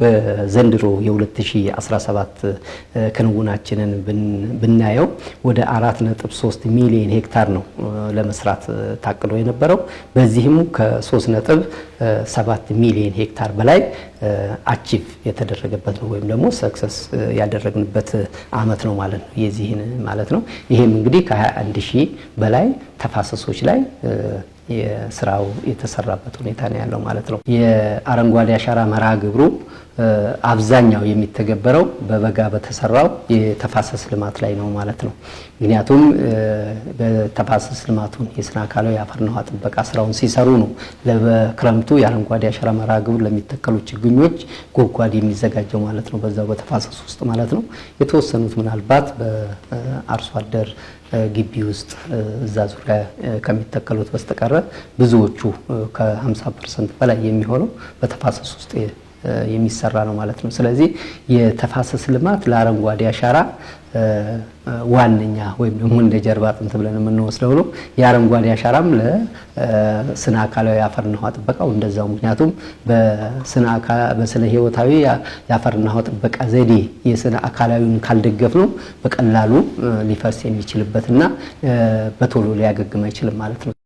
በዘንድሮ የ2017 ክንውናችንን ብናየው ወደ 4.3 ሚሊዮን ሄክታር ነው ለመስራት ታቅዶ የነበረው። በዚህም ከ3.7 ሚሊዮን ሄክታር በላይ አቺቭ የተደረገበት ነው ወይም ደግሞ ሰክሰስ ያደረግንበት አመት ነው ማለት ነው። የዚህን ማለት ነው። ይህም እንግዲህ ከ21 ሺህ በላይ ተፋሰሶች ላይ የስራው የተሰራበት ሁኔታ ነው ያለው ማለት ነው። የአረንጓዴ አሻራ መርሃ ግብሩ አብዛኛው የሚተገበረው በበጋ በተሰራው የተፋሰስ ልማት ላይ ነው ማለት ነው። ምክንያቱም በተፋሰስ ልማቱን የስነ አካላዊ የአፈርና ውሃ ጥበቃ ስራውን ሲሰሩ ነው ለበክረምቱ የአረንጓዴ አሻራ መርሃ ግብር ለሚተከሉ ችግኞች ጉድጓድ የሚዘጋጀው ማለት ነው፣ በዛው በተፋሰስ ውስጥ ማለት ነው። የተወሰኑት ምናልባት በአርሶ አደር ግቢ ውስጥ እዛ ዙሪያ ከሚተከሉት በስተቀረ ብዙዎቹ ከ50 ፐርሰንት በላይ የሚሆነው በተፋሰስ ውስጥ የሚሰራ ነው ማለት ነው። ስለዚህ የተፋሰስ ልማት ለአረንጓዴ አሻራ ዋነኛ ወይም ደግሞ እንደ ጀርባ አጥንት ብለን የምንወስደው ነው። የአረንጓዴ አሻራም ለስነ አካላዊ የአፈርና ውሃ ጥበቃው እንደዛው። ምክንያቱም በስነ ህይወታዊ የአፈርና ውሃ ጥበቃ ዘዴ የስነ አካላዊን ካልደገፍ ነው በቀላሉ ሊፈርስ የሚችልበትና በቶሎ ሊያገግም አይችልም ማለት ነው።